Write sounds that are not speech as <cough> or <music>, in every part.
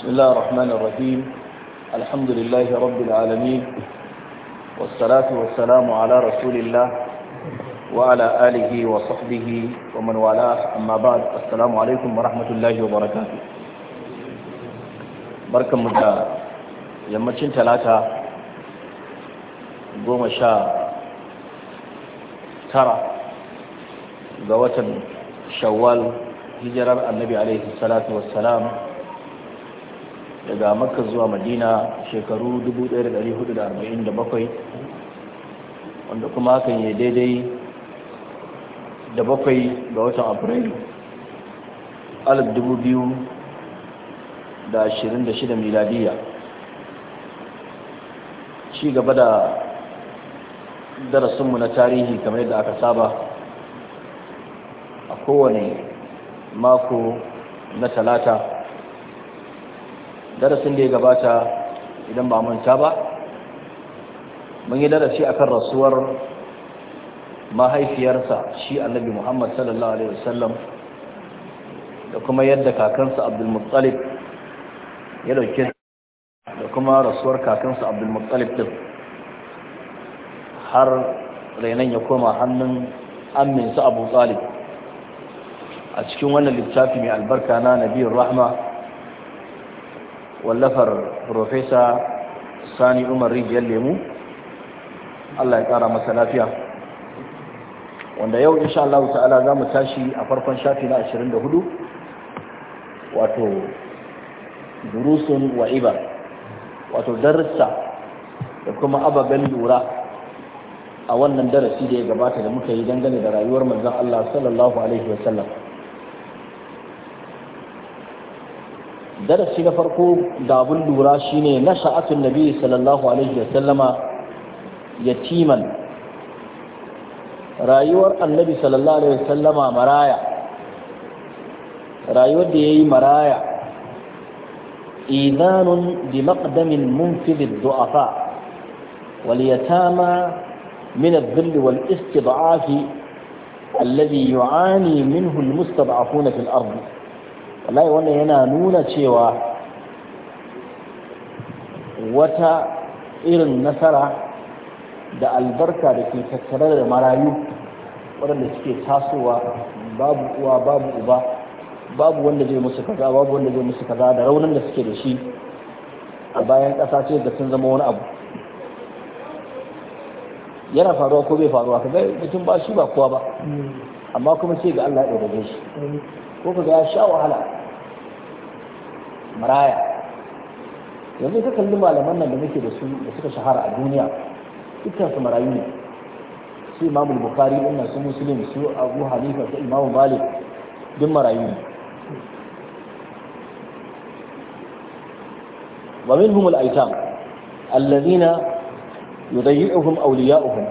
بسم الله الرحمن الرحيم الحمد لله رب العالمين والصلاة والسلام على رسول الله وعلى آله وصحبه ومن والاه أما بعد السلام عليكم ورحمة الله وبركاته بركة مدى يمتشن ثلاثة قوم شاء ترى قوة شوال هجرة النبي عليه الصلاة والسلام daga makka zuwa madina shekaru 1447 wanda kuma hakan ya daidai da bakwai ga watan afrilu 2026 miladiya ci gaba da darasinmu na tarihi kamar yadda aka saba a kowane mako na talata darasin da ya gabata idan ba manta ba mun yi darasi akan rasuwar mahaifiyarsa shi annabi muhammad sallallahu alaihi wasallam da kuma yadda kakansa abdulmuttalib ya dauke da kuma rasuwar kakansa abdulmuttalib din har rainan ya koma hannun aminsa abu talib a cikin wannan littafi mai albarka na nabiyar rahma wallafar profesa sani umar rijiyar lemu allah ya kara masa lafiya wanda yau insha Allah ta'ala za mu tashi a farkon shafi na 24 wato durusun wa'iba wato darussa da kuma ababen lura a wannan darasi da ya gabata da muka yi dangane da rayuwar manzon Allah sallallahu alaihi wasallam darasi na farko da abun lura shine na sha'atun nabi sallallahu alaihi wa sallama yatiman rayuwar annabi sallallahu alaihi wa sallama maraya rayuwar da yayi maraya idanun bi maqdamin munfidh ad-du'afa wal yatama min adh-dhill wal istid'afi alladhi yu'ani minhu al-mustad'afuna fil ardh wallahi wannan yana nuna cewa wata irin nasara da albarka da ke tattare da marayu waɗanda suke tasowa babu uwa babu uba babu wanda zai musu kaza babu wanda zai musu kaza da raunin da suke da shi a bayan ƙasa ce da sun zama wani abu yana faruwa ko bai faruwa ka ga mutum ba shi ba kowa ba hmm. amma kuma ce ga Allah ya ɗaure shi ko ka ga ya sha wahala maraya yanzu ka kalli malaman nan da muke da su da suka shahara a duniya Dukkansu marayu ne su imamul bukhari din su muslim su abu hanifa su imamu malik duk marayu ne wa minhum al-aitam alladhina yudayyuhum awliya'uhum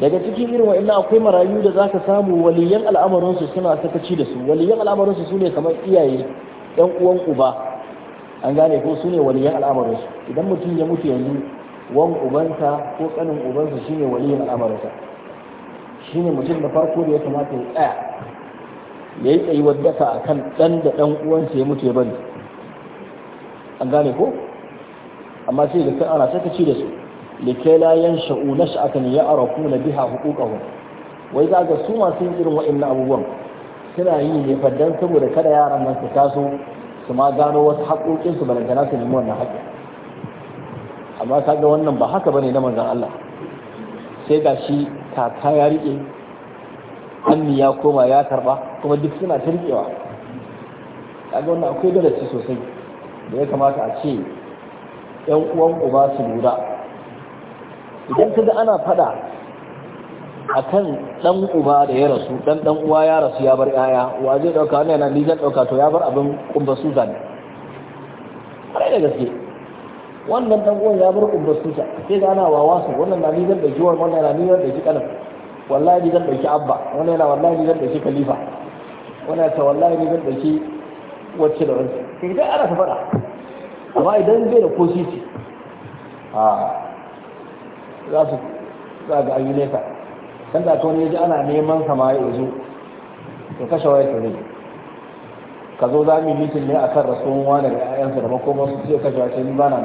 daga cikin irin wa'annan akwai marayu da za ka samu waliyan al'amuransu suna sakaci da su waliyan al'amuransu su ne kamar iyaye yan uwan uba an gane ko su ne waliyan al'amarinsu idan mutum ya mutu yanzu wan ubansa ko kanin ubansa shine waliyan al'amarinsa ne mutum da farko da ya kamata ya tsaya ya yi tsayuwar daka a kan ɗan da ɗan uwansa ya mutu ya bari an gane ko amma sai da kan ana sakaci da su likai la ya arafu na biha huquqahum wai za ga su masu yin irin na abubuwan suna yi ne faddan saboda kada yaran nan su taso su ma gano wasu haƙoƙin su na su nemi wannan haƙƙi amma kaga wannan ba haka bane na manzon Allah sai ga shi kaka ya rike ammi ya koma ya karɓa, kuma duk suna ta rikewa kaga wannan akwai darasi sosai da ya kamata a ce yan uwan uba su lura idan ga ana fada akan dan uba da ya rasu dan dan uwa ya rasu ya bar yaya wa zai dauka wannan yana ni zan dauka to ya bar abin kumba suta ne kare da gaske wannan dan uwan ya bar kumba suta sai da ana wawa su wannan na ni zan dauki wannan wannan na ni zan dauki kalam wallahi ni zan dauki abba wannan yana wallahi ni zan dauki khalifa wannan ta wallahi ni zan dauki wacce da wacce sai dai ana ta fada amma idan zai da ko sisi a za su za ga ayyuka kan da tone ji ana neman sa ma ya zo to kashe waya ta ne ka zo za mu mitin ne akan rasuwan wani da ƴaƴansa da makomar su ce kashe waya ni ba na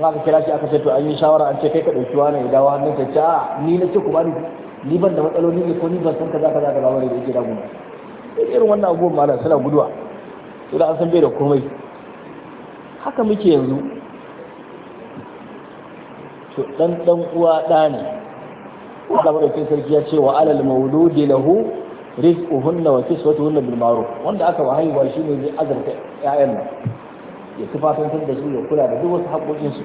na in kira shi aka ce to an yi shawara an ce kai ka ɗauki wani ya dawo hannun ka ce a ni na ce ku bani ni ban da matsaloli ne ko ni ban san kaza kaza kaza wani da yake damu irin wannan abubuwan malam suna guduwa to da an san bai da komai haka muke yanzu to dan dan uwa da ne Allah madaukakin sarki ya ce wa alal mauludi lahu rizquhunna wa kiswatuhunna bil ma'ruf wanda aka shi ne zai azarta ƴaƴan nan ya tufafantar da su ya kula da duk wasu haƙoƙin su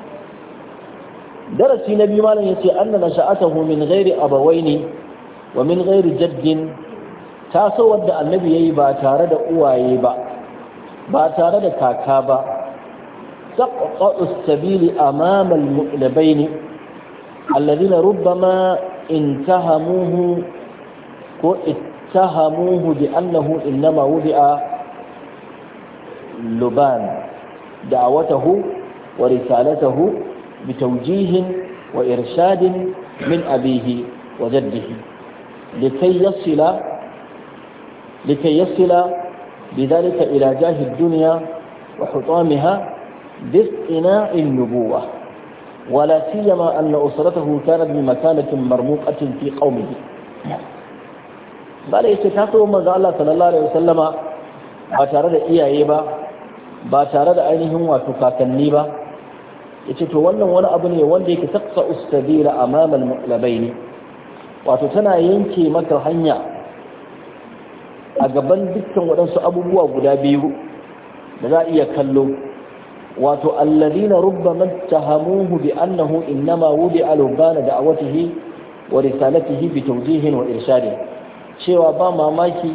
darasi na biyu malam yace anna nasha'atahu min ghairi abawaini wa min ghairi jaddin taso wadda annabi yayi ba tare da uwaye ba ba tare da kaka ba تقطع السبيل أمام المؤنبين الذين ربما انتهموه واتهموه بأنه إنما وضع لبان دعوته ورسالته بتوجيه وإرشاد من أبيه وجده لكي يصل لكي يصل بذلك إلى جاه الدنيا وحطامها باصطناع النبوة ولا سيما أن أسرته كانت بمكانة مرموقة في قومه ba da yake taso manzo Allah sallallahu alaihi wasallama ba tare da iyaye ba ba tare da ainihin wato kakanni ba yace to wannan wani abu ne wanda yake taqsa ustabila amama al-muqlabain wato tana yanke maka hanya a gaban dukkan waɗansu abubuwa guda biyu da za a iya kallo wato alladina rubbama tahamuhu bi annahu innama wudi alubana awatihi wa risalatihi bi tawjihin wa irshadin cewa ba mamaki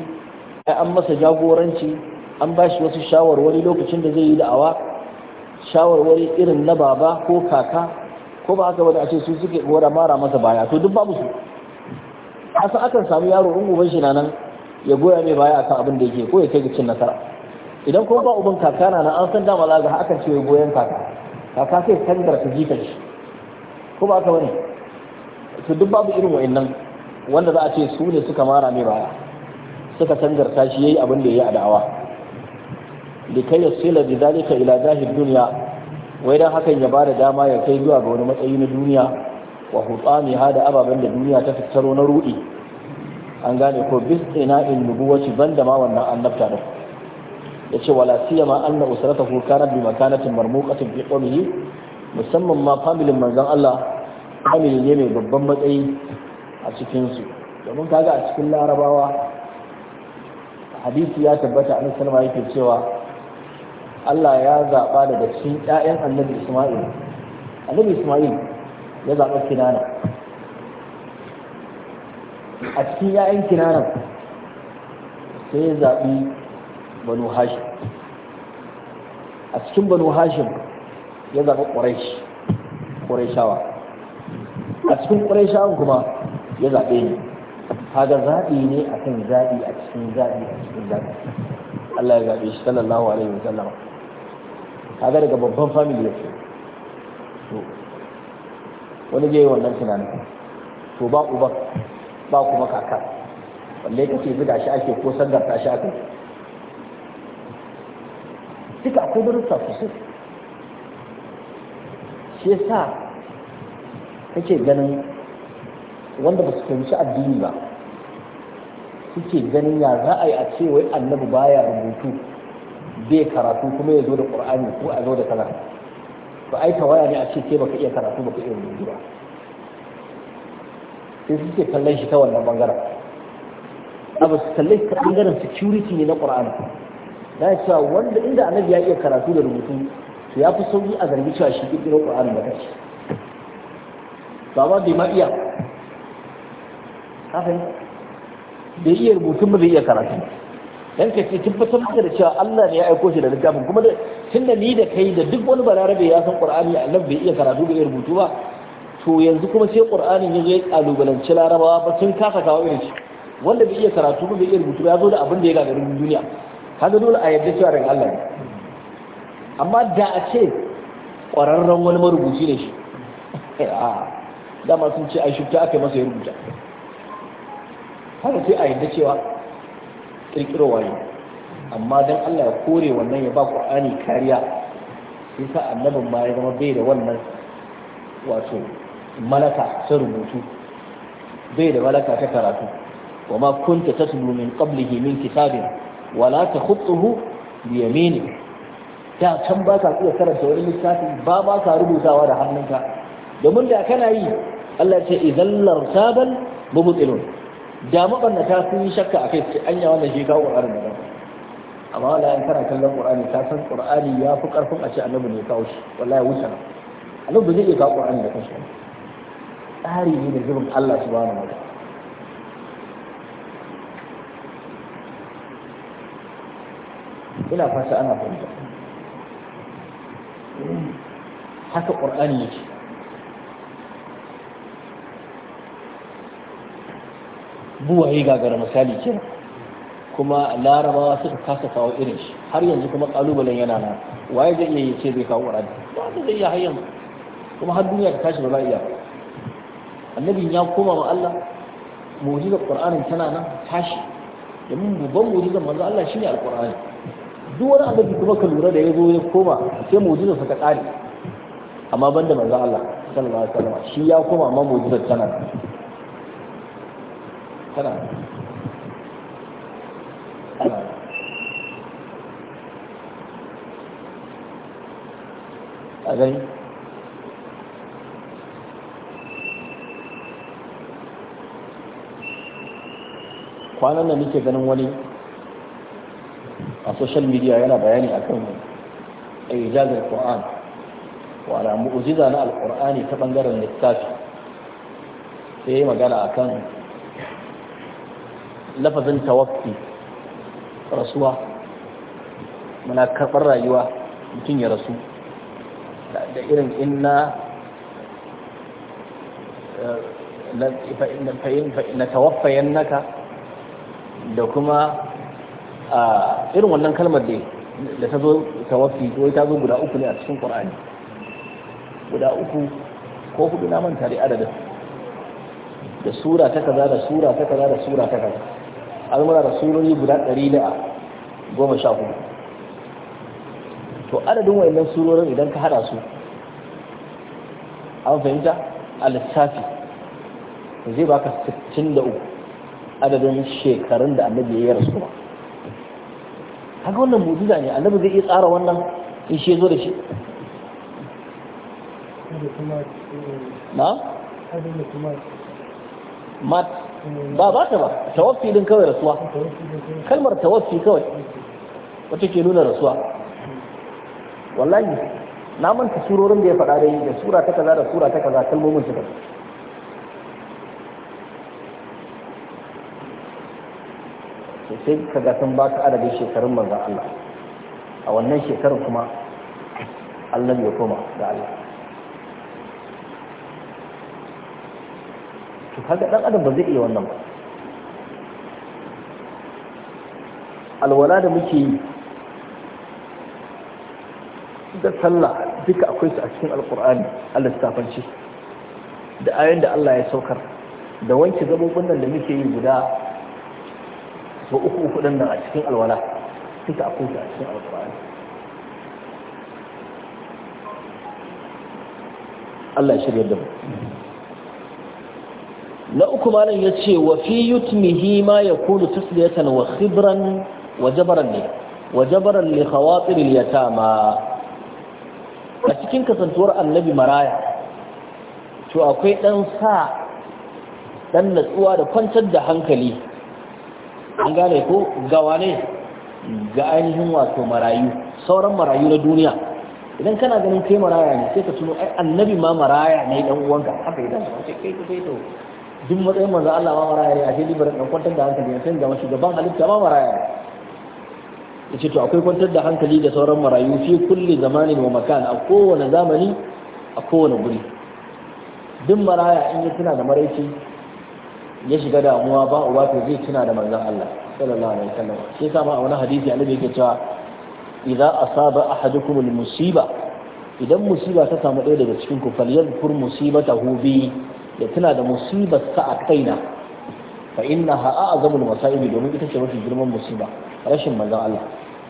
an masa jagoranci an bashi wasu shawarwari lokacin da zai yi da'awa shawarwari irin na baba ko kaka ko ba haka wani a ce su suke gora mara masa baya to duk babu su san akan samu yaro in uban shi nan ya goya mai baya akan abin da yake ko ya kai gicin nasara idan kuma ba uban kaka na an san dama za ga akan ce goyon kaka kaka sai tangar ta jika shi ko ba ka bane to duk babu irin wa'annan wanda za a ce su ne suka mara mai baya suka tangarta shi yayi abin da yayi a da'awa likai yasila bi zalika ila zahid dunya wai dan hakan ya bada dama ya kai zuwa ga wani matsayi na duniya wa hutami hada ababen da duniya ta fitaro na rudi an gane ko bis ina in nubuwaci banda ma wannan annabta da yace wala siyama anna usratahu kanat bi makanatin marmuqatin fi qawmihi musamman ma familin manzon Allah familin ne mai babban matsayi a cikin su domin kaga a cikin larabawa hadisi ya tabbata annabi sallallahu alaihi yake cewa Allah ya zaba daga cikin ƴaƴan annabi Isma'il annabi Isma'il ya zaba Kinana a cikin ƴaƴan Kinana sai ya zabi banu hashim a cikin banu hashim ya zaɓi ƙuraish ƙuraishawa a cikin ƙuraishawan kuma ya zaɓe ni kaga zaɓi ne a kan zaɓi a cikin zaɓi a cikin zaɓi Allah ya zaɓe shi sallallahu alaihi wa sallam kaga daga babban family yake to wani zai yi wannan tunanin to ba uba ba kuma kaka balle kace zuga shi ake ko sandarta shi akai duka akwai darussa sosai shi yasa kake ganin wanda ba su fahimci addini ba suke ganin ya za a yi a ce wai annabi baya rubutu bai karatu kuma ya zo da ƙur'ani ko a zo da kaza a ai tawaya ne a ce sai baka iya karatu baka iya rubutu ba sai suke kallon shi ta wannan bangaren abu su kalli ta bangaren security ne na ƙur'ani. na cewa wanda inda annabi ya iya karatu da rubutu to ya fi sauki a zargi cewa shi kirkiro ƙur'ani da kashi ba ba bai ma iya kafin bai iya rubutun ba zai iya karatu dan ka ce tabbatar maka da cewa Allah ne ya aiko shi da littafin kuma da tunda ni da kai da duk wani da ya san Qur'ani annabi bai iya karatu bai iya rubutu ba to yanzu kuma sai Qur'anin ya zo ya kalubalanci Larabawa ba sun kasa kawo irin shi wanda bai iya karatu ba bai iya rubutu ba ya zo da abin da ya gagarin duniya kaga dole a yadda cewa daga Allah ne amma da a ce ƙwararren wani marubuci ne shi dama sun ce a shubta aka masa ya rubuta haka sai a yadda cewa ƙirƙiro waye amma don Allah ya kore wannan ya ba ƙwa'ani kariya sai sa annabin ma ya zama bai da wannan wato malaka ta rubutu bai da malaka ta karatu wa ma kunta tatlu min qablihi min kitabin wala ta khutuhu bi yamini da kan ba ka iya karanta wani littafi ba ba ka rubutawa da hannunka domin da kana yi Allah ya ce idan lartabal mubtilun da mabannata sun yi shakka akai sai anya wannan shi kawo Qur'ani da amma wala an kana kallon Qur'ani ka san Qur'ani ya fi karfin a ce annabi ne kawo shi wallahi wuce na annabi zai iya kawo Qur'ani da kanshi tsari ne da zubin Allah subhanahu wa ta'ala ina fata ana fahimta haka ƙur'ani yake buwaye gagara misali kenan kuma larabawa suka kasa kawo irin shi har yanzu kuma ƙalubalen yana nan waye zai iya ce zai kawo ƙur'ani wanda zai iya har yanzu kuma har duniya ta tashi ba za a iya annabin ya koma ma Allah mu'jizar Qur'anin tana nan tashi domin babban mu'jizar manzo Allah shine alqur'ani duk wani da kuma ka lura da ya zo ya koma sai mu'jizar sa ta kare amma banda manzo Allah sallallahu alaihi wasallam shi ya koma amma mu'jizar tana tana a gani kwanan da muke ganin wani social media yana bayani a ijazar Qur'an wala mu'ujiza na alqur'ani ta bangaren littafi sai yi magana akan lafazin tawaffi rasuwa muna karɓar rayuwa mutum ya rasu da irin inna eh, na tawaffayen naka da kuma a ah, irin wannan kalmar da da ta zo tawaffi ko ta zo guda uku ne a cikin qur'ani guda uku ko hudu na manta da adadin da sura ta kaza da sura ta kaza da sura ta kaza almara da surori guda ɗari da goma sha hudu to adadin wayannan surorin idan ka hada su an fahimta a lissafi zai baka 63 adadin shekarun da annabi ya yi rasu ba haka wannan mu'jiza ne annabi zai iya tsara wannan in shi zo da shi na mat ba ba ta ba tawaffi din kawai rasuwa kalmar tawaffi kawai wacce ke nuna rasuwa wallahi na manta surorin da ya faɗa dai da sura ta kaza da sura ta kaza kalmomin su sai ka ga sun baka adadin shekarun manzan Allah a wannan shekarun kuma Allah ya koma ga Allah to kaga dan adam ba zai iya wannan ba alwala da muke yi da sallah duka akwai su a cikin alkur'ani Allah tafanci da ayoyin da Allah ya saukar da wanke gabobin nan da muke yi guda so uku uku din nan a cikin alwala duka akwai ta a cikin alqur'ani Allah ya shirya da mu na uku malam ya ce wa fi yutmihi ma ya kunu tasliyatan wa khibran wa jabaran ne wa jabaran li khawatir al yatama a cikin kasantuwar annabi maraya to akwai dan sa dan natsuwa da kwantar da hankali an gane ko gawa ne ga ainihin wato marayu sauran marayu na duniya idan kana ganin kai maraya ne sai ka tuno ai annabi ma maraya ne dan uwanka haka idan ka ce kai kai to duk matsayin manzo Allah ma maraya ne a ce libar dan kwantar da hankali ne sai ga mashi gaban halitta ma maraya ne yace to akwai kwantar da hankali da sauran marayu fi kulli zamanin wa makan a kowane zamani a kowane guri duk maraya in ya tana da maraici ya shiga damuwa ba uwa to zai tuna da manzon Allah sallallahu alaihi wasallam sai sa ma a wani hadisi annabi yake cewa idza asaba ahadukum musiba idan musiba ta samu ɗaya daga cikin ku falyadhkur musibatahu bi ya tuna da musibar sa a kaina fa innaha a'zamul masa'ib domin ita ce mafi girman musiba rashin manzon Allah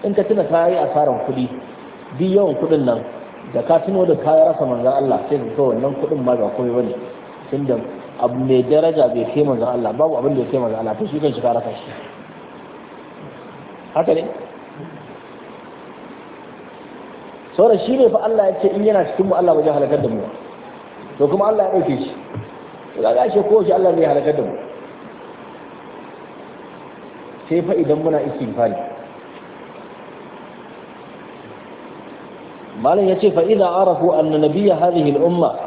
in ka tuna ka yi asaran kuɗi bi yawan kuɗin nan da ka tuno da ka rasa manzon Allah sai ka ga wannan kuɗin ma ba komai bane tunda abu mai daraja bai kai manzon Allah babu abin da ya kai manzon Allah to shi kan shi ka shi haka ne sauran shi ne fa Allah ya ce in yana cikin mu Allah ba zai halakar da mu to kuma Allah ya ɗauke shi to ga ashe ko shi Allah zai halakar da mu sai fa idan muna istighfari malam yace fa idza arafu anna nabiyya hadhihi al-umma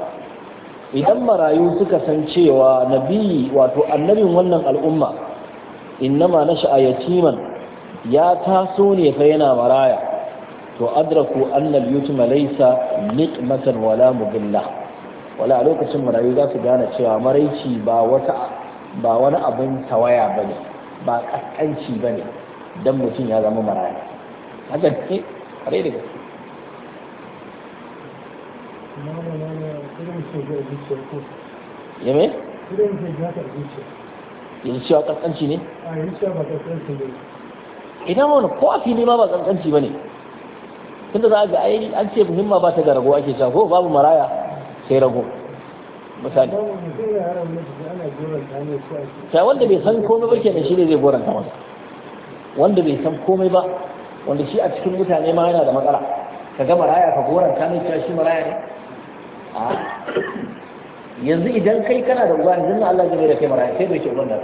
idan marayu suka san cewa nabi wato annabin wannan al'umma innama sha'ayya yatiman ya taso ne fa yana maraya to adraku annal yutma laysa nikmatan wala mudilla wala a lokacin marayu za su gane cewa maraici ba wata ba wani abin tawaya bane ba kaskanci bane dan mutum ya zama maraya haka ne ya me? yanzu cewa kaskanci ne? idan wani ko a fili ma ba kaskanci ba ne tunda za a ga ai an ce muhimma ba ta ga rago ake cewa ko babu maraya sai rago misali ta wanda bai san komai ba kenan shi ne zai goranta masa wanda bai san komai ba wanda shi a cikin mutane ma yana da matsala ka ga maraya ka goranta ne cewa shi maraya ne yanzu idan kai kana da uba yanzu Allah zai da kai marayu sai bai ce uban da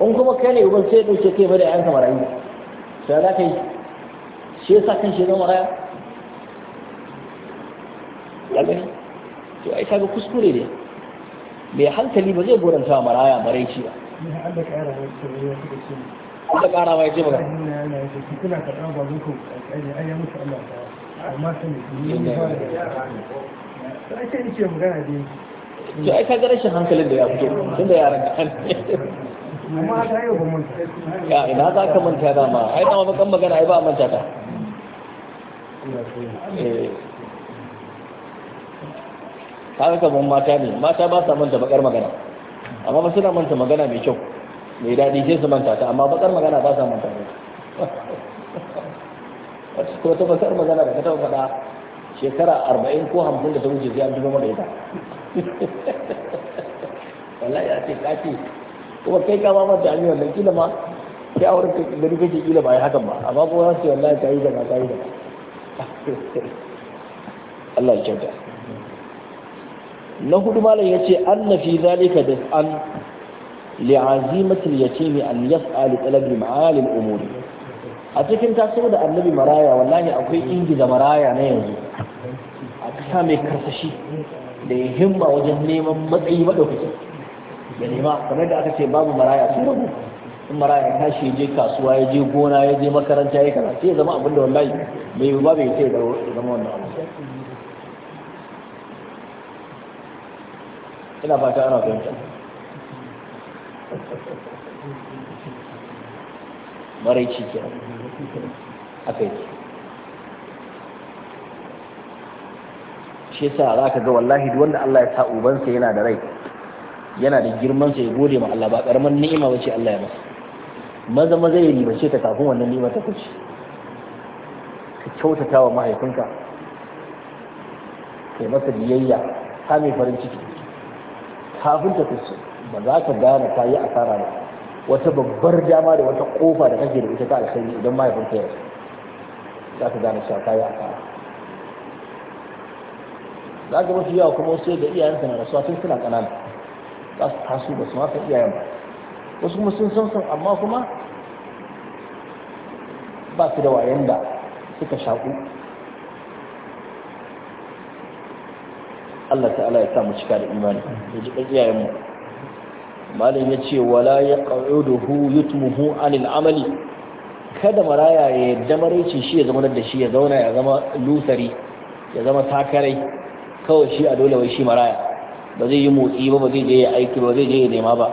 in kuma kai ne uban sai dauke kai bai da yanka marayu sai za ka yi shi yasa kan shi zama marayu gani to ai kaga kuskure ne mai hankali ba zai goranta wa maraya marai shi ba Allah ƙara ma ya ce ba. Kuna karɓar ba zuku a ƙari, ai ya mutu Allah ta. Amma sai ne, sai sai ce magana da yake to ai kaga rashin hankalin da ya fito tunda yaran kan amma ta yau ba ya ina za ka manta da ma ai dama bakan magana ai ba a manta ta eh. kaga kaman mata ne mata ba sa manta bakar magana amma ba suna manta magana mai kyau mai daɗi sai su manta ta amma bakar magana ba sa manta <laughs> ko ta wata bakar magana da ka taɓa faɗa shekara arba'in ko hamsin da ta wuce sai an tuno mana ita wallahi a ce kace kuma kai ka mamar da aniyar nan kila ma sai auren ka gani kake kila ba ya hakan ba amma ko za su wallahi ta yi da ba ta yi da ba Allah ya kyauta na hudu malam ya ce an na fi zalika da an li'azimatul yatimi an yas'alu talabi ma'alil umuri a cikin taso da annabi maraya wallahi akwai ingiza maraya na yanzu sa mai karsashi da ya himma wajen neman matsayi maɗaukaki ya nema kamar da aka ce babu maraya sun rabu in maraya ya tashi ya je kasuwa ya je gona ya je makaranta ya kana sai ya zama abin da wallahi mai ba ya ce ya zama wannan abu ina fata ana fahimta maraici kenan kai shi yasa za ka ga wallahi duk wanda Allah ya sa ubansa yana da rai yana da girman sa ya gode ma Allah ba karaman ni'ima bace Allah ya masa maza maza ya ribace ta kafin wannan ni'ima ta kuce ka kyautata wa mahaifinka kai masa biyayya ka mai farin ciki kafin ta kuce ba za ka gane ka yi asara ba wata babbar dama da wata kofa da kake da ita ta alkhairi idan mahaifinka ya za ka gane cewa ka yi asara za ka mafi yawa kuma wasu da iyayensa na rasuwa tun suna ƙanana za su taso ba su masa iyayen ba wasu kuma sun san san amma kuma ba su da wayan da suka shaƙu Allah ta'ala ya sa mu cika da imani ya ji ɗan iyayenmu malin ya ce wala ya ƙa'uduhu yutmuhu anil amali kada maraya ya yadda maraici shi ya zama da shi ya zauna ya zama lusari ya zama takarai kawai shi a dole wai shi maraya ba zai yi motsi ba ba zai je ya aiki ba zai je ya nema ba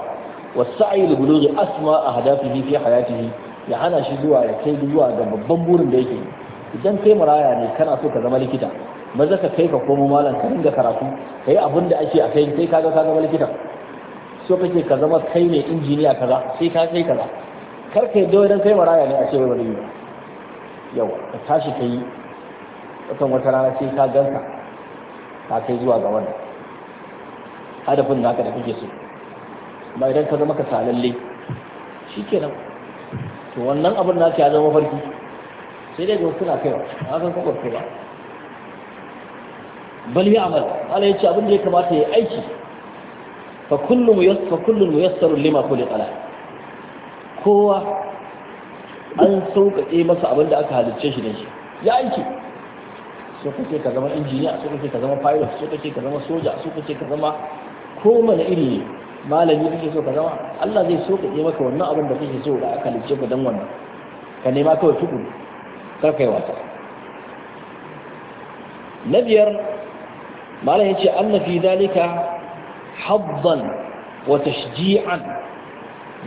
wasa'i li bulughi asma a ahdafihi fi hayatihi ya hana shi zuwa ya kai zuwa ga babban burin da yake idan kai maraya ne kana so ka zama likita maza ka kai ka komo malam ka dinga karatu kai abin da ake a kai sai kaga ka zama likita so kake ka zama kai ne injiniya kaza sai ka kai kaza kar ka yadda idan kai maraya ne a ce wai ba zai yi yawa ka tashi kai watan wata rana sai ka ganka ta kai zuwa ga wannan hadafin naka da kake so ba idan ka zama ka salalle nan, to wannan abin na ya zama farki sai dai ga na kaiwa na san kuma kai ba bal ya amal Allah ya ce abin da ya kamata ya aiki fa kullu muyassar fa kullu muyassar lima kulli qala kowa an sauƙaƙe masa abin da aka halicce shi da shi ya aiki so kake ka zama injiniya so kake ka zama pilot so kake ka zama soja so kake ka zama kowane iri malami kake so ka zama Allah zai so ka yi maka wannan abin da kake so da aka lice ka dan wannan ka nema kawai tuku kar kai wata. na biyar malam yace anna fi dalika haddan wa tashji'an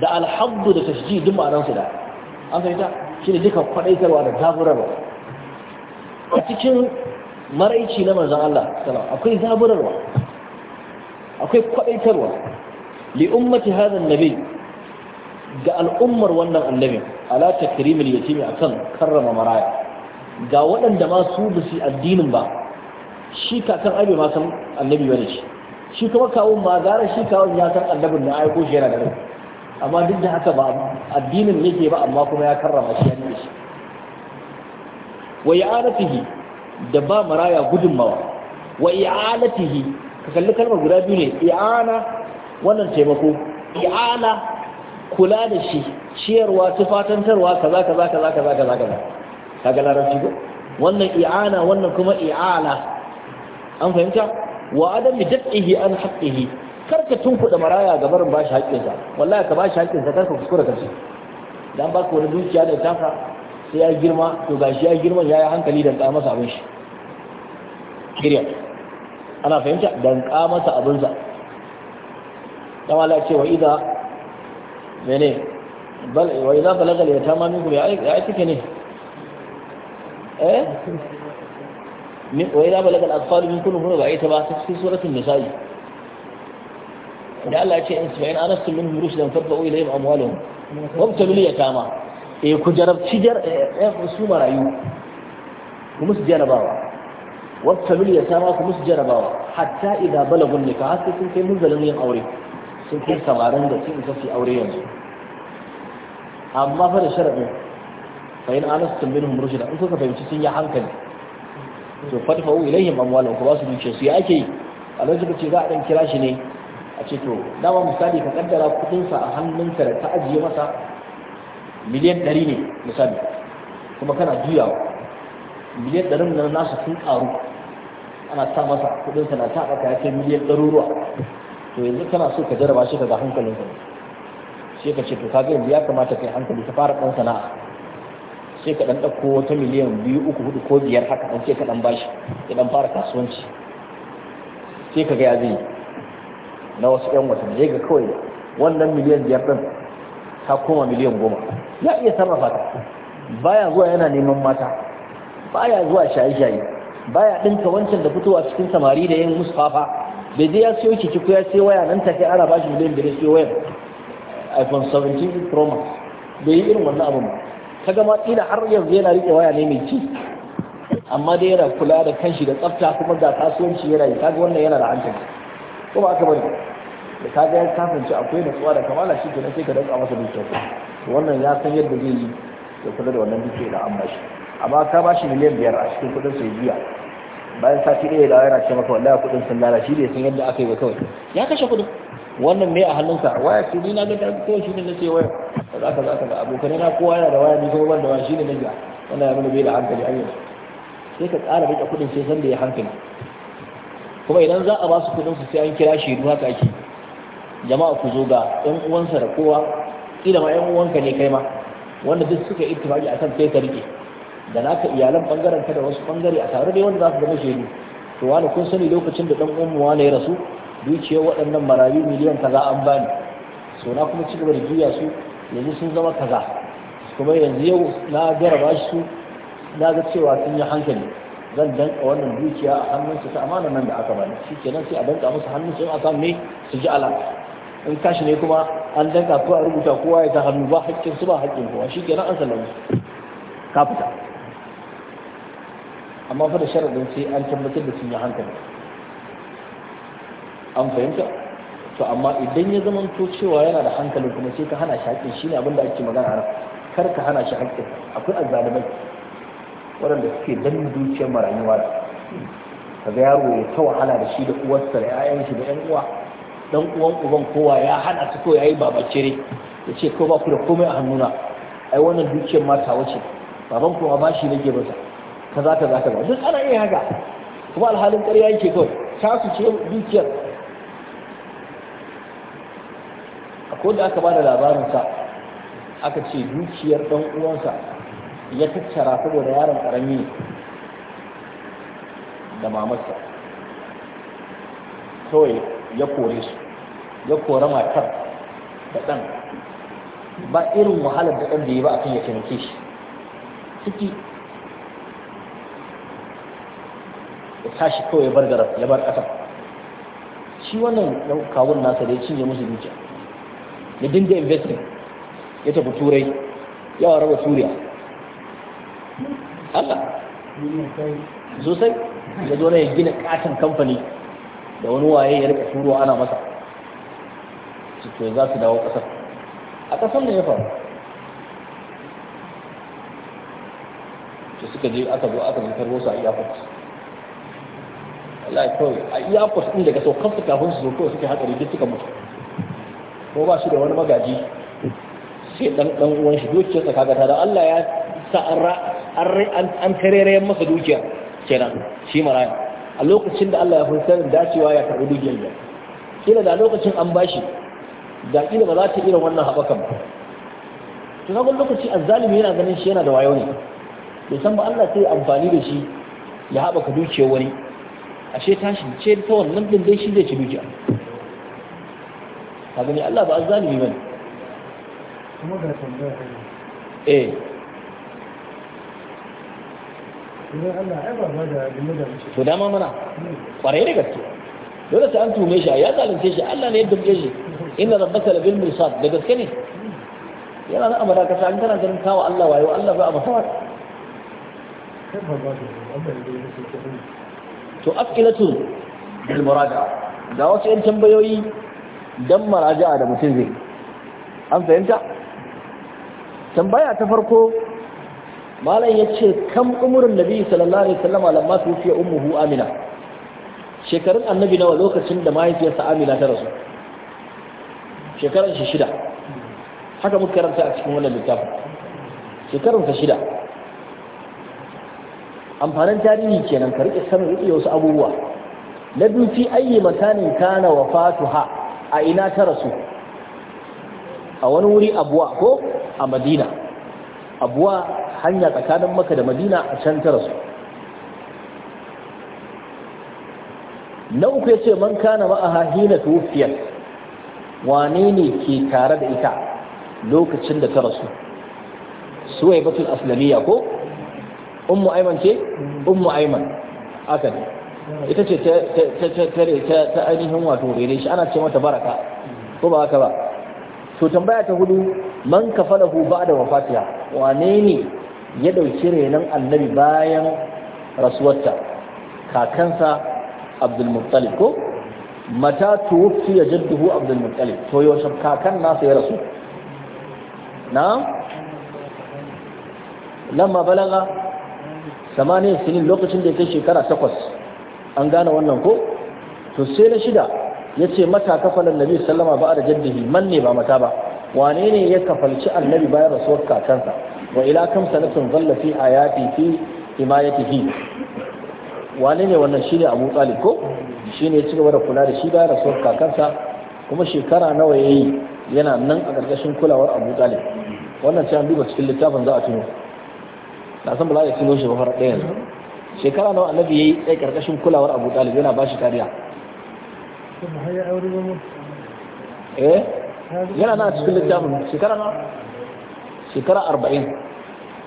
da alhamdu da tashji' duk ma'anarsa su da an fahimta shine duka kwadaitarwa da zaburarwa a cikin maraici na mazan Allah akwai zaburarwa akwai kwadaitarwa li ummati hadha annabi ga al'ummar wannan annabin ala takrimil yatimi akan karrama maraya ga waɗanda ma su ba su addinin ba shi kakan abe ma san annabi bane shi shi kuma kawun ma gara shi kawun ya san annabin na aiko shi yana da rai amma duk da haka ba addinin yake ba amma kuma ya karrama shi ya shi wa i'anatihi da ba maraya gudunmawa wa i'anatihi ka kalli kalmar guda biyu ne i'ana wannan taimako i'ana kula da shi ciyarwa tufatantarwa kaza kaza kaza kaza kaza kaza kaga larabci ko wannan i'ana wannan kuma i'ala an fahimta wa adam daf'ihi an haqqihi karka tunkuda maraya ga barin bashi haƙƙinsa wallahi ka bashi haƙƙinsa karka kuskura kansa dan baka wani dukiya da taka sai ya girma to gashi ya girma ya yi hankali dan ka masa abin shi kiriya ana fahimta dan ka masa abin sa dan Allah ce wa idza mene bal wa idza ya tama yatama minkum ya aiki ne eh wa idza balaga al atfal minkum ba ita ba ta cikin suratul nisa'i da Allah ya ce in sa'in anastum minhum rushdan fadfa'u ilayhim amwalahum wabtalu al yatama eh ku jarabci eh, eh, su marayu ku musu jarabawa wata ya sama ku musu jarabawa hatta idan balagun ne ka haske sun kai munzalin yin aure sun kai samarin da sun isa su aure yanzu amma fa da sharaɗin fa in anas tambayin da in kuka fahimci sun yi hankali to fadfa'u ilaihim amwalan ku ba su dukiya su ya ake yi a lokacin ce za a ɗan kira shi ne a ce to dama misali ka kaddara kuɗinsa a hannunka da ta ajiye masa miliyan ɗari ne misali kuma kana juyawa miliyan ɗarin nan nasu sun ƙaru ana sa masa kuɗinsa na ta ɓaka ya kai miliyan ɗaruruwa to yanzu kana so ka jarraba shi daga hankalinka ne sai ka ce to kaga yanzu ya kamata kai hankali ka fara ɗan sana'a sai ka ɗan ɗauko wata miliyan biyu uku hudu ko biyar haka an ce ka ɗan bashi ya ɗan fara kasuwanci sai ka ga ya zai na wasu ƴan watanni sai ga kawai wannan miliyan biyar ɗin ta koma miliyan goma ya iya sarrafa ta baya zuwa yana neman mata baya zuwa shaye-shaye baya ɗinka wancan da fitowa cikin samari da yin musu fafa bai zai ya siyo kiki ko ya siyo waya nan take ana bashi miliyan biyar siyo wayar iphone 17 pro max bai yi irin wannan abin ba ta gama ina har yanzu yana riƙe waya ne mai ci amma dai yana kula da kanshi da tsafta kuma da kasuwanci yana yi kaga wannan yana da hankali kuma aka bari da ka ga ya kasance akwai nutsuwa da kamala shi kenan sai ka danka masa dukiyarsa wannan ya san yadda zai yi da kula da wannan dukiyar da an shi. amma ka ba shi miliyan biyar a cikin kudin sai biya bayan sati ɗaya da yana ce maka wallahi kudin sun lalace ne sun yadda aka yi ba kawai ya kashe kudin wannan mai a hannunsa waya ce ni na ga ta kawai shi ne na ce waya ba za ka za ka ga abokanai na kowa yana da waya ni kuma ban da waya shi ne na ga wannan ya nuna bai da hankali a yau sai ka tsara rike kudin sai san da ya hankali kuma idan za a ba su kudin su sai an kira shi ruwa ka ake jama'a ku zo ga yan uwansa da kowa ila ma yan uwanka ne kai ma wanda duk suka yi ittifaki akan kai ka rike da naka iyalan bangaren ka da wasu bangare a tare da wanda za su zama shaidu to wani kun sani lokacin da dan uwan mu wani ya rasu dukiyar waɗannan marayu miliyan kaza an bani so na kuma ci gaba da juya su yanzu sun zama kaza kuma yanzu yau na jaraba su na ga cewa sun yi hankali zan danka wannan dukiya a hannunsu ta amana nan da aka bani shi kenan sai a danka musu hannunsu in aka ne su ji ala. in kashi ne kuma an danka ko a rubuta kowa ya ta hannu ba haƙƙin su ba haƙƙin kowa shi kenan an sallama ka fita amma fa da sharaɗin sai an tabbatar da sun yi hankali an fahimta to amma idan ya zama to cewa yana da hankali kuma sai ka hana shi haƙƙin shi ne abinda ake magana a kar ka hana shi haƙƙin akwai azzalumai waɗanda suke danna dukiyar marayuwa ka ga yaro ya ta wahala da shi da uwarsa da 'ya'yan shi da 'yan uwa dan uwan uban kowa ya hana su ko yayi baba cire ya ce ko ba ku da komai a hannuna ai wannan dukiyar ma ta wuce baban ku ba shi nake masa ka za ka duk ana iya haka kuma alhalin ƙarya yake kawai ta su ce dukiyar ko da aka bada labarinsa aka ce dukiyar dan uwansa ya tattara saboda yaron karami ne da mamarsa kawai ya kore su ya kore matar da ɗan ba irin wahalar da ɗan da yi ba akan ya taimake shi ciki ya tashi kawai ya bar da ya bar ƙasar shi wannan kawun nasa da ya cinye musu dukiya ya dinga investing ya tafi turai yawa raba turiya Allah sosai ya zo na ya gina katon kamfani da wani waye ya rika turo ana masa su to za su dawo ƙasar a ƙasar ne ya faru to suka je aka zo aka zartar wasu a iyakot wallahi kawai a iyakot ɗin daga saukar su kafin su zo kawai suke hatsari duk suka mutu ko ba shi da wani magaji sai dan dan uwan shi dukiyar tsaka kaga da Allah ya sa an an an tarere masa dukiya kenan shi maraya a lokacin da Allah ya fi sanin dacewa ya karɓi dukiyar da kila da lokacin an bashi da kila ba za ta irin wannan haɓakan ba to na lokaci zalimi yana ganin shi yana da wayo ne ya san ba Allah sai amfani da shi ya haɓaka dukiyar wani ashe tashi ce ta wannan din dai shi zai ci dukiya ka gani Allah ba azzalimi bane kuma ga to dama mana kwarai da gaske dole sai an tume shi ya zalunce shi Allah ne ya dubbe shi inna rabbaka labil mirsad da gaske ne yana nan amara kasa an kana ganin kawo Allah wayo Allah ba amma masa to afilatu bil muraja Da wasu yan tambayoyi dan maraja'a da mutum zai an fahimta tambaya ta farko malam ya ce kam umurin nabi sallallahu alaihi wasallam lamma tufiya ummuhu amina shekarun annabi nawa lokacin da mahaifiyarsa amina ta rasu shekarun shi shida haka muka karanta a cikin wannan littafin shekarun sa shida amfanin tarihi kenan ka rike sanin rike wasu abubuwa na biyu fi ayi makanin kana wafatuha a ina ta rasu a wani wuri abuwa ko a madina abuwa hanya tsakanin maka da madina a can ta rasu na uku ya ce man kana ma'aha hina tuwufiyar wane ne ke tare da ita lokacin da ta rasu suwai batul aslamiyya ko ummu aiman ce ummu aiman aka ne ita ce ta ainihin wato rere shi ana ce mata baraka ko ba haka ba to tambaya ta hudu man kafalahu ba'da wafatiha wane ne ya ɗauki renon annabi bayan rasuwarta kakansa abdulmuttalib ko mata tuwufi ya Abdul abdulmuttalib to yaushe kakan nasa ya rasu na lamma balaga samanin sinin lokacin da ya kai shekara takwas an gane wannan ko to sai na shida ya ce mata kafalan annabi sallama ba da jaddahi man ne ba mata ba wane ne ya kafalci annabi bayan rasuwar kakansa wa ila kam sanatun zalla fi ayati fi himayatihi wane ne wannan shi ne Abu Talib ko ne ya ci gaba da kula da shi bayan rasuwar kakarsa kuma shekara nawa yayi yana nan a ƙarƙashin kulawar Abu Talib wannan ce an duba cikin littafin za a tuno na san ba za a tuno shi ba fara ɗaya yanzu shekara nawa annabi yayi tsaye ƙarƙashin kulawar Abu Talib yana ba shi kariya eh yana nan a cikin littafin shekara nawa shekara arba'in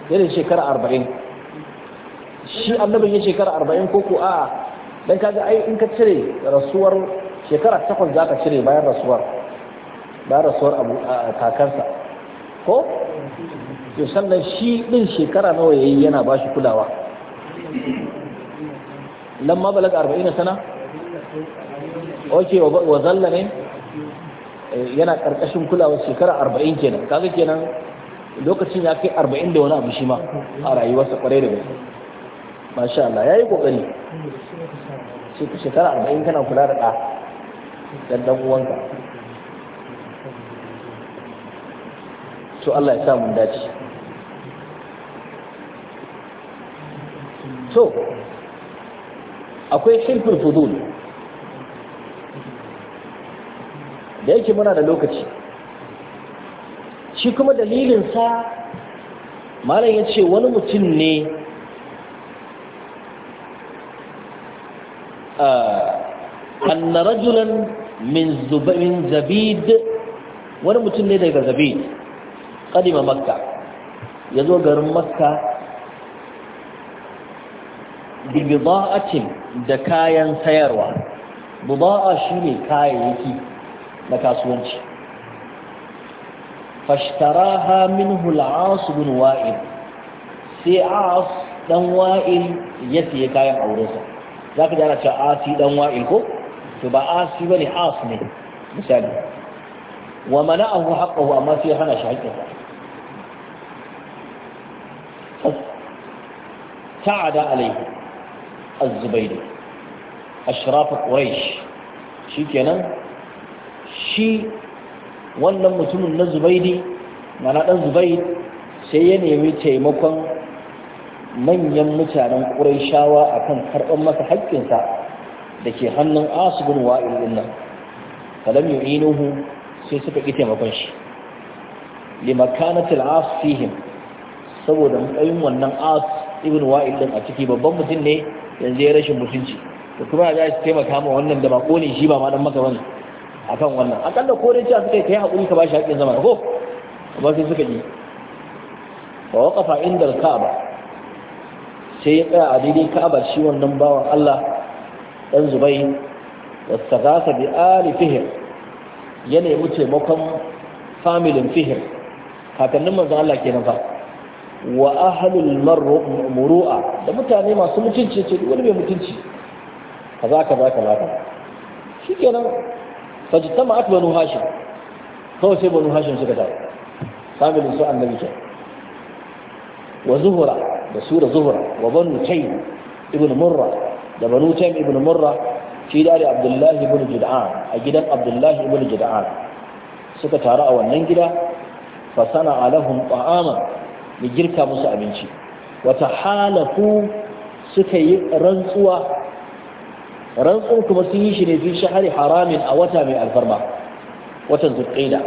yana shekara arba'in shi annabin ya shekara arba'in ko ko a dan kaga ai in ka cire rasuwar shekara takwas za ka cire bayan rasuwar bayan rasuwar abu kakansa ko to sannan shi din shekara nawa yayi yana ba shi kulawa lamma balaga arba'in sana oke wa zalla ne eh, yana karkashin kulawa shekara arba'in kenan kaga kenan lokacin ya kai arba'in da wani abu shi ma a rayuwarsa kwarai da gaske masha Allah ya yi kokari shekara arba'in kana kula da ɗa dan dan uwanka to Allah ya mun dace to akwai shirkul fudul da yake muna da lokaci shi kuma dalilinsa malam ya ce wani mutum ne anna rajulan min zabid wani mutum ne daga zabid kadima makka ya zo garin makka bibida'atin da kayan sayarwa buda'a shi ne kayayyaki na kasuwanci fashtaraha minhu al-aas bin wa'il sai aas dan wa'il ya siya kayan aurensa zaka ji ana cewa asi dan wa'il ko to ba asi bane aas ne misali wa mana'ahu haqqahu amma sai hana shi haƙƙinsa تعد عليه الزبيدي أشراف قريش شي كنا شي wannan mutumin na zubaidi mana ɗan zubaid sai ya nemi taimakon manyan mutanen ƙuraishawa a kan karɓar masa haƙƙinsa da ke hannun asibin wa'il ɗin nan falam sai suka ƙi taimakon shi limakanatil as fihim saboda matsayin wannan as ibn wa'il ɗin a ciki babban mutum ne yanzu ya rashin mutunci da kuma ya ga taimaka ma wannan da ba ƙone shi ba ma dan maka bane akan wannan akalla ko dai cewa suka yi ka yi haƙuri ka bashi haƙƙin zama ko amma sai suka yi wa waqafa inda ka'aba sai ya tsaya a daidai ka'aba shi wannan bawan Allah ɗan dan Zubair wastaghatha bi ali fihr ya nemi taimakon familin fihr kakannin manzon Allah ke nan fa wa ahlul muru'a da mutane masu mutunci ce wani mai mutunci kaza kaza kaza shikenan fajtama at banu hashim kawai sai banu hashim suka dawo familin su annabi ke wa zuhura da sura zuhura wa banu ibn murra da banu taym ibn murra fi dari abdullahi ibn jud'an a gidan abdullahi ibn jud'an suka taru a wannan gida fasana sana'a lahum ta'aman girka musu abinci wata halafu suka yi rantsuwa rantsuwar kuma sun yi shi ne fi shahari haramin a wata mai alfarma watan zulqaida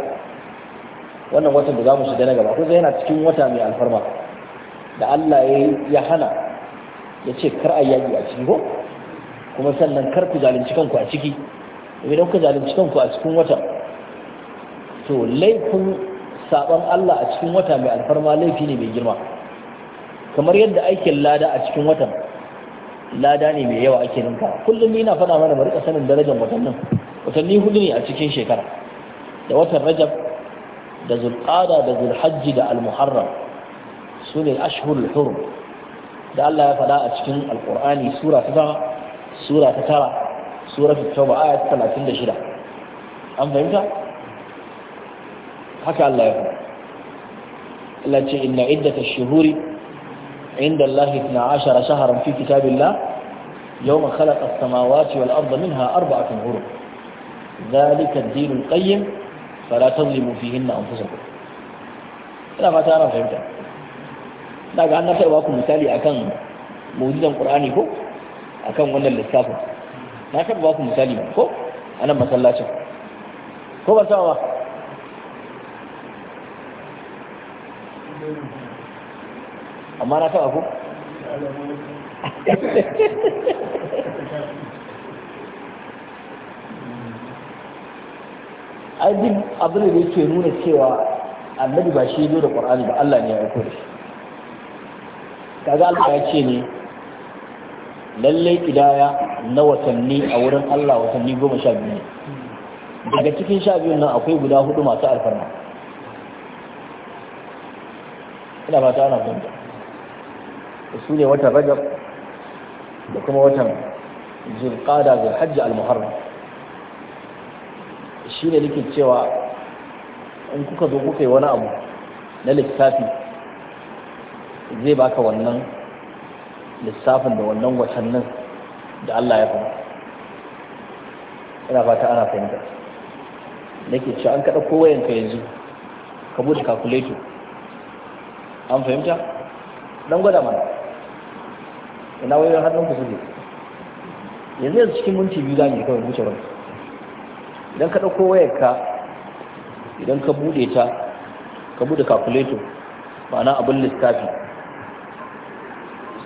wannan watan da za mu shiga na gaba kuma yana cikin wata mai alfarma da Allah ya hana ya ce kar a yaƙi a ciki ko kuma sannan kar ku zalunci kanku a ciki idan ku zalunci kanku a cikin watan to laifin saban Allah a cikin wata mai alfarma laifi ne mai girma kamar yadda aikin lada a cikin watan lada ne mai yawa ake ninka kullum ina faɗa mana mu rika sanin darajar watannin watanni hudu ne a cikin shekara da watan rajab da zulqada da zulhajji da almuharram su ne ashhurul hurum da Allah ya faɗa a cikin alqur'ani sura ta tara sura ta tara sura ta tauba aya ta 36 an fahimta haka Allah ya faɗa Allah ce inna iddatash shuhuri عند الله 12 شهرا في كتاب الله يوم خلق السماوات والأرض منها أربعة غرب ذلك الدين القيم فلا تظلموا فيهن أنفسكم ina fata ana fahimta na an na taɓa ku misali akan mu'jizan qur'ani ko akan wannan lissafin na taɓa ku misali ko a nan masallacin ko ba ba amma na taba ku ai abin da yake nuna cewa annabi ba shi zo da qur'ani ba Allah ne ya aiko shi kaga Allah ya ce ne lallai ƙidaya na watanni a wurin Allah watanni goma sha biyu daga cikin sha biyun nan akwai guda hudu masu alfarma ina fata ana fahimta su ne watan rajab da kuma watan zulqada da hajji al-muharram shi ne nake cewa in kuka zo kuka yi wani abu na lissafi zai baka wannan lissafin da wannan watannin da Allah ya kuma ina fata ana fahimta nake ce an kaɗa kowayenka yanzu ka bude calculator an fahimta dan gwada mana ina wayoyin hannun ku suke yanzu yanzu cikin minti biyu za mu yi kawai wuce wani idan ka ɗauko wayar ka idan ka buɗe ta ka buɗe calculator ma'ana abin lissafi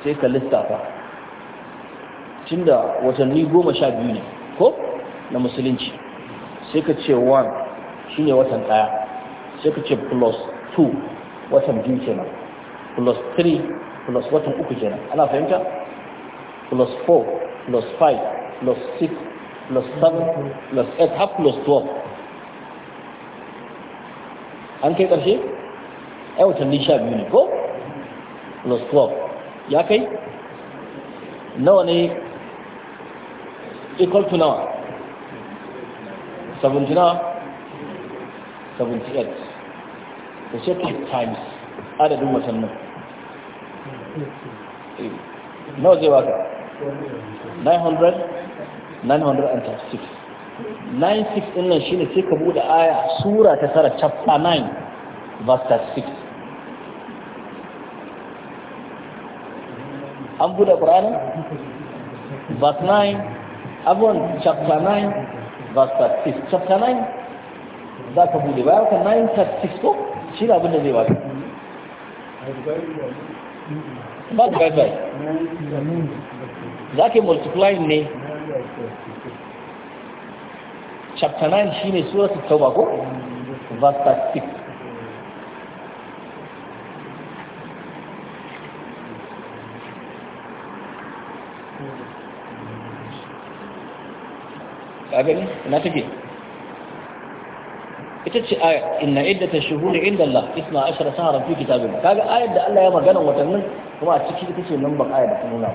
sai ka lissafa da watanni goma sha biyu ne ko na musulunci sai ka ce 1 shine watan ɗaya sai ka ce plus 2 watan biyu kenan plus three. plus watan uku kenan ana fahimta plus 4 plus 5 plus 6 plus 7 plus 8 half plus 12 an kai ƙarshe ai watanni sha biyu ne ko plus 12 ya kai nawa ne equal to nawa 70 nawa 78 to sai times adadin watannin Eh, nawa zai waka 900 936 96 din nan shine sai ka bude aya sura ta tara chapter 9 verse 6 an bude qur'ani verse 9 abun chapter 9 verse 6 chapter 9 za ka bude bayan ka 9 936 ko shi ne abin da zai waka ba da bye za ka multiplying ne chapter 9 shine ta tauba ko verse 6 ka gani ina take ita ce ayar inna iddata shuhuri inda Allah isma ashara saharan fi kitabin kaga ayar da Allah ya magana watannin kuma a ciki ita ce lambar ayar da ta nuna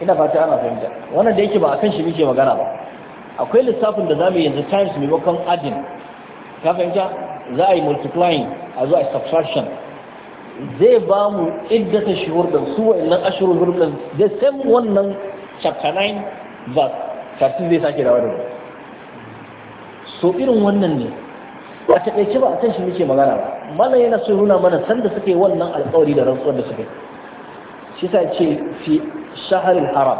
ina fata ana fahimta wannan da yake ba akan shi muke magana ba akwai lissafin da zamu yanzu times maimakon adin ka fahimta za a yi multiplying a zuwa subtraction zai ba mu iddata shuhur da su wa'annan ashurul gurbin da same wannan chapter 9 verse 30 zai sake dawo da mu so irin wannan ne a taƙaice ba a can shi muke magana ba malam yana so nuna mana sanda suka wannan alƙawari da rantsuwar da suke. yi shi sa ce fi shaharil haram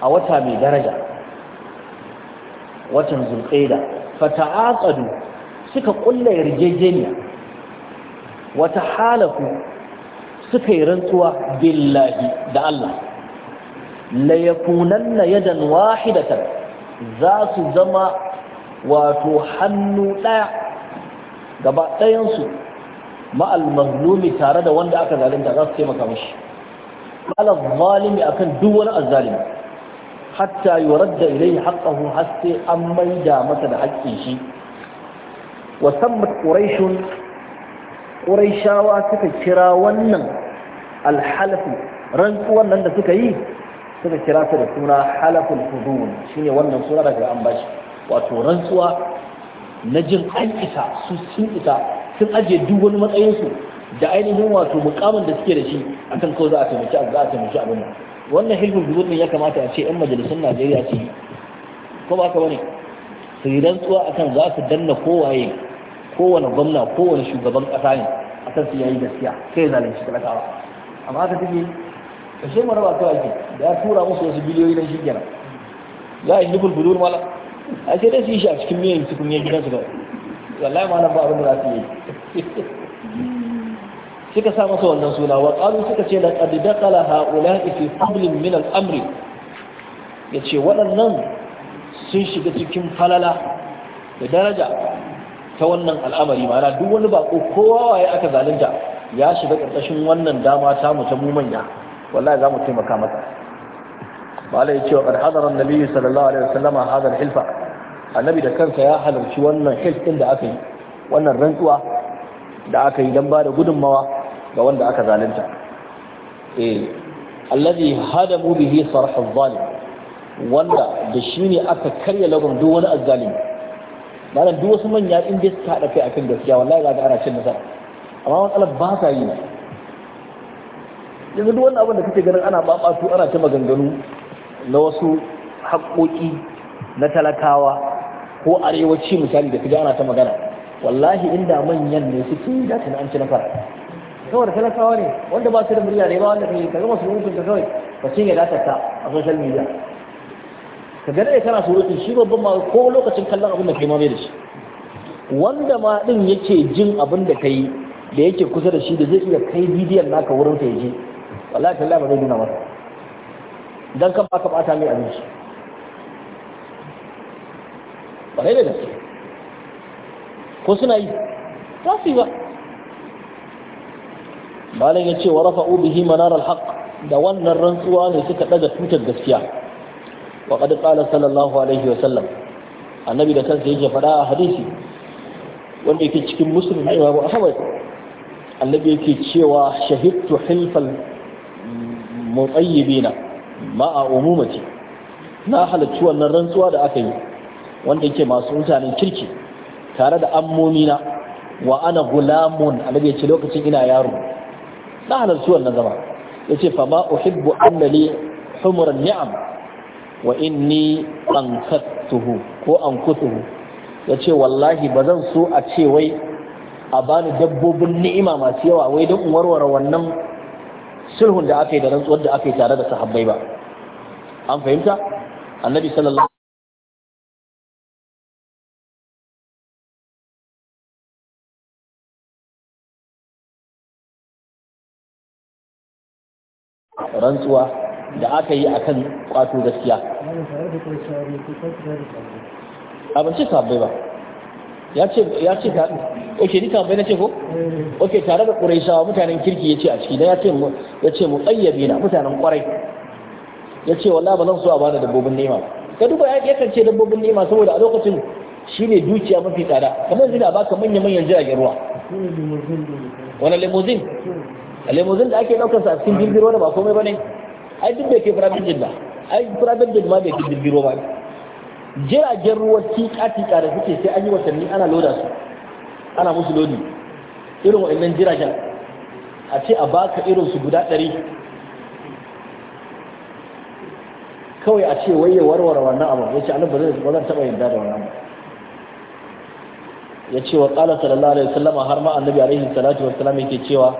a wata mai daraja watan zulqaida fa ta'aqadu suka kulla yarjejeniya wata halaku suka yi rantsuwa billahi da Allah la yakunanna yadan wahidatan za su zama wato hannu ɗaya gaba ɗayansu ma'al mazlumi tare da wanda aka zalunta za su taimaka mashi ma'al zalimi akan duk wani azzalimi hatta yuradda ilai haqqahu haske an maida masa da haƙƙin shi Wasan sammat quraishun suka kira wannan alhalafi rantsuwan nan da suka yi suka kira ta da suna halaful fudul shine wannan suna daga an bashi wato rantsuwa na jin an isa su sun isa sun ajiye duk wani matsayinsu da ainihin wato mukamin da suke da shi kan kawai za a taimaki za a taimaki abin nan wannan hilfin biyun ya kamata a ce yan majalisun najeriya ce ko ba ka bane su yi rantsuwa akan za su danna kowaye kowane gwamna kowane shugaban kasa ne kan su yayi gaskiya kai zalunci talakawa amma haka take kashe mu raba kawai ake da ya tura musu wasu biliyoyi na shi kenan za a yi nufin budur mala a sai dai su yi shi a cikin miyan cikin miyan gidansu ba wallahi nan ba abin da za su yi suka sa masa wannan suna wa qalu suka ce laqad dakala haula'i fi qablin min al'amri. Ya ce waɗannan sun shiga cikin falala da daraja ta wannan al'amari ma'ana duk wani baƙo kowa waye aka zalunta ya shiga ƙarƙashin wannan dama ta mu ta mu manya wallahi za mu taimaka masa malai cewa kan hadara annabi sallallahu alaihi wasallam hadar hilfa annabi da kansa ya halarci wannan hilfin da aka yi wannan rantsuwa da aka yi dan bada gudunmawa ga wanda aka zalunta eh allazi hadamu bihi sarh adh-dhalim wanda da shi ne aka karya lagun duk wani azzalimi malam duk wasu manya in dai suka haɗa kai akan gaskiya wallahi za ka ana cin nasara amma wani matsalar ba sa yi yanzu duk wani abin da kake ganin ana babatu ana ta maganganu na wasu haƙoƙi na talakawa ko arewaci misali da kaji ana ta magana wallahi inda manyan ne suke yi da an ci kawai da talakawa ne wanda ba su da murya ne ba wanda kai kaga masu rubutun ta kawai ka cinye da ta a social media ka ga dai kana surutun shi babban ma ko lokacin kallon abin da kai ma mai da shi wanda ma din yake jin abin da kai da yake kusa da shi da zai iya kai bidiyon naka wurin ta yaje wallahi tallahi ba zai nuna masa don kan ba ka bata mai abinci ƙwarai da gaske ko suna yi za su yi ba malam ya ce wa rafa ubihi manarar haƙ da wannan rantsuwa ne suka ɗaga tutar gaskiya wa ƙadu ƙala sallallahu alaihi wa sallam annabi da kansa yake faɗa a hadisi wanda yake cikin musulun haiwa ba ahmad annabi yake cewa shahidtu hilfal mutsayyibina ma'a umumati na halarci wannan rantsuwa da aka yi wanda yake masu mutanen kirki tare da ammomina wa ana gulamun daga yace lokacin ina yaro na halarci wannan zama yace fa ma uhibbu annali humur ni'am wa inni ankattuhu ko an ya yace wallahi ba zan so a ce wai a bani dabbobin ni'ima masu yawa wai don warware wannan sulhun da aka yi da rantsuwar da aka yi tare da sahabbai ba an fahimta annabi sallallahu rantsuwa da aka yi akan kwato gaskiya abinci sabbai ba ya ce ta ce ka oke ni tambayi na ce ko oke tare da quraishawa mutanen kirki ya ce a ciki dan ya ce mu ya ce mu mutanen kwarai ya ce wala ba zan so a bada dabbobin nema ka duba ya yakan ce dabbobin nema saboda a lokacin shine dukiya mafi tsada kamar yanzu da baka manya manyan jiragen ruwa wani limousine a limousine da ake daukar sa a cikin jirgin ruwa ba komai ba ne? ai duk da ke firamin jet ba ai private jet ma da ke jirgin ruwa ba jiragen ruwan tika-tika da suke sai an yi watanni ana loda su ana musu lodi irin wa'annan jiragen a ce a baka irin su guda ɗari kawai a ce waye warware wannan abu ya ce annabi ba zan taɓa yarda da wannan ya ce wa ƙala sallallahu alaihi wasallama har ma annabi alaihi salatu wa wasallam yake cewa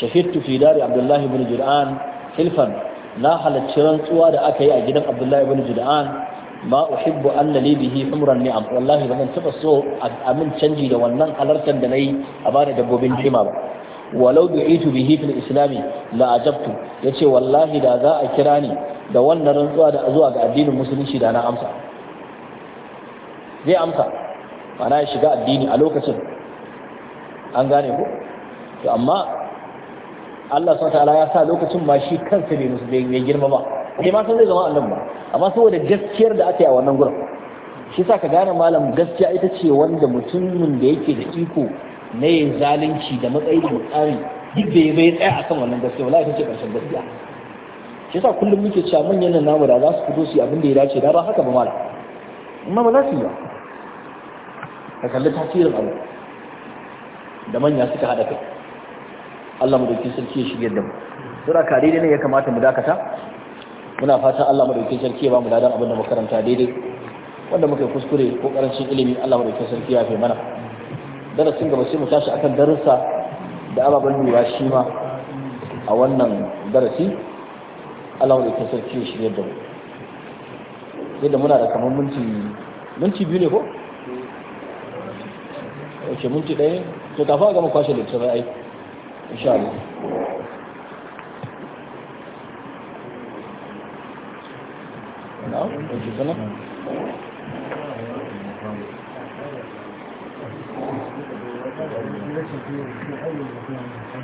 shahidtu fi dari abdullahi ibn jur'an hilfan na halarci rantsuwa da aka yi a gidan abdullahi ibn jur'an ma uhibbu anna li bihi umran ni'am wallahi ban taba so a min canji da wannan halartar da nayi a bada dabbobin jima ba walau du'itu bihi fil islami la ajabtu yace wallahi da za a kira ni da wannan rantsuwa da zuwa ga addinin musulunci da na amsa zai amsa mana ya shiga addini a lokacin an gane ko to amma Allah subhanahu wa ta'ala ya sa lokacin ma shi kansa bai musu bai girma ba bai ma san zai zama annabi ba amma saboda gaskiyar da aka yi a wannan gurin shi sa ka gane malam gaskiya ita ce wanda mutumin da yake da iko na yin zalunci da matsayi da mutsari duk da ya bai tsaya kan wannan gaskiya wala ita ce karshen gaskiya shi sa kullum muke cewa manyan nan namu da za su fito su abin da ya dace da ba haka ba malam amma ba za su yi ba ka kalli tasirin abu da manya suka haɗa kai Allah mu dauki sarki ya shigar da mu sura kare ne ya kamata mu dakata muna fatan Allah madaukakin sarki ya bamu ladan abin da muka karanta daidai wanda muka kuskure ko karancin ilimi Allah madaukakin sarki ya fi mana darasin gaba sai mu tashi akan darussa da ababen lura shi ma a wannan darasi Allah madaukakin sarki ya shirye da mu yadda muna da kamar minti minti biyu ne ko wace minti ɗaya to kafin a gama kwashe littattafai ai insha Allah نعم أنت سنة Thank you.